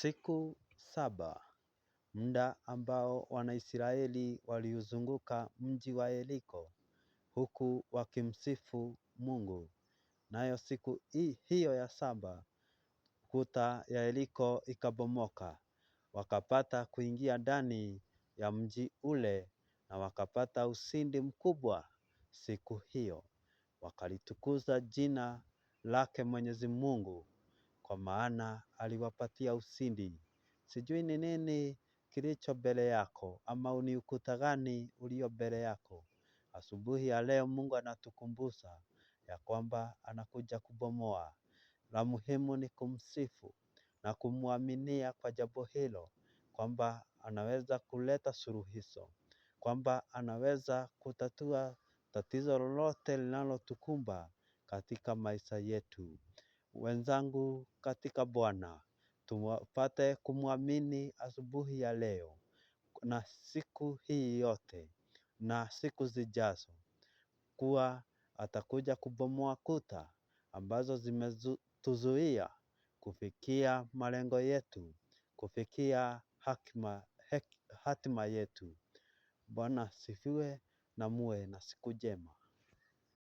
siku saba, muda ambao Wanaisraeli waliuzunguka mji wa Yeriko, huku wakimsifu Mungu. Nayo siku hiyo ya saba kuta ya Yeriko ikabomoka, wakapata kuingia ndani ya mji ule na wakapata ushindi mkubwa siku hiyo, wakalitukuza jina lake Mwenyezi Mungu kwa maana aliwapatia ushindi. Sijui ni nini kilicho mbele yako ama ni ukuta gani ulio mbele yako. Asubuhi ya leo Mungu anatukumbusha ya kwamba anakuja kubomoa. La muhimu ni kumsifu na kumwaminia kwa jambo hilo, kwamba anaweza kuleta suluhisho, kwamba anaweza kutatua tatizo lolote linalotukumba katika maisha yetu wenzangu katika Bwana. Tupate kumwamini asubuhi ya leo na siku hii yote na siku zijazo, kuwa atakuja kubomoa kuta ambazo zimetuzuia kufikia malengo yetu, kufikia hakima, hek, hatima yetu. Bwana sifiwe na muwe na siku njema.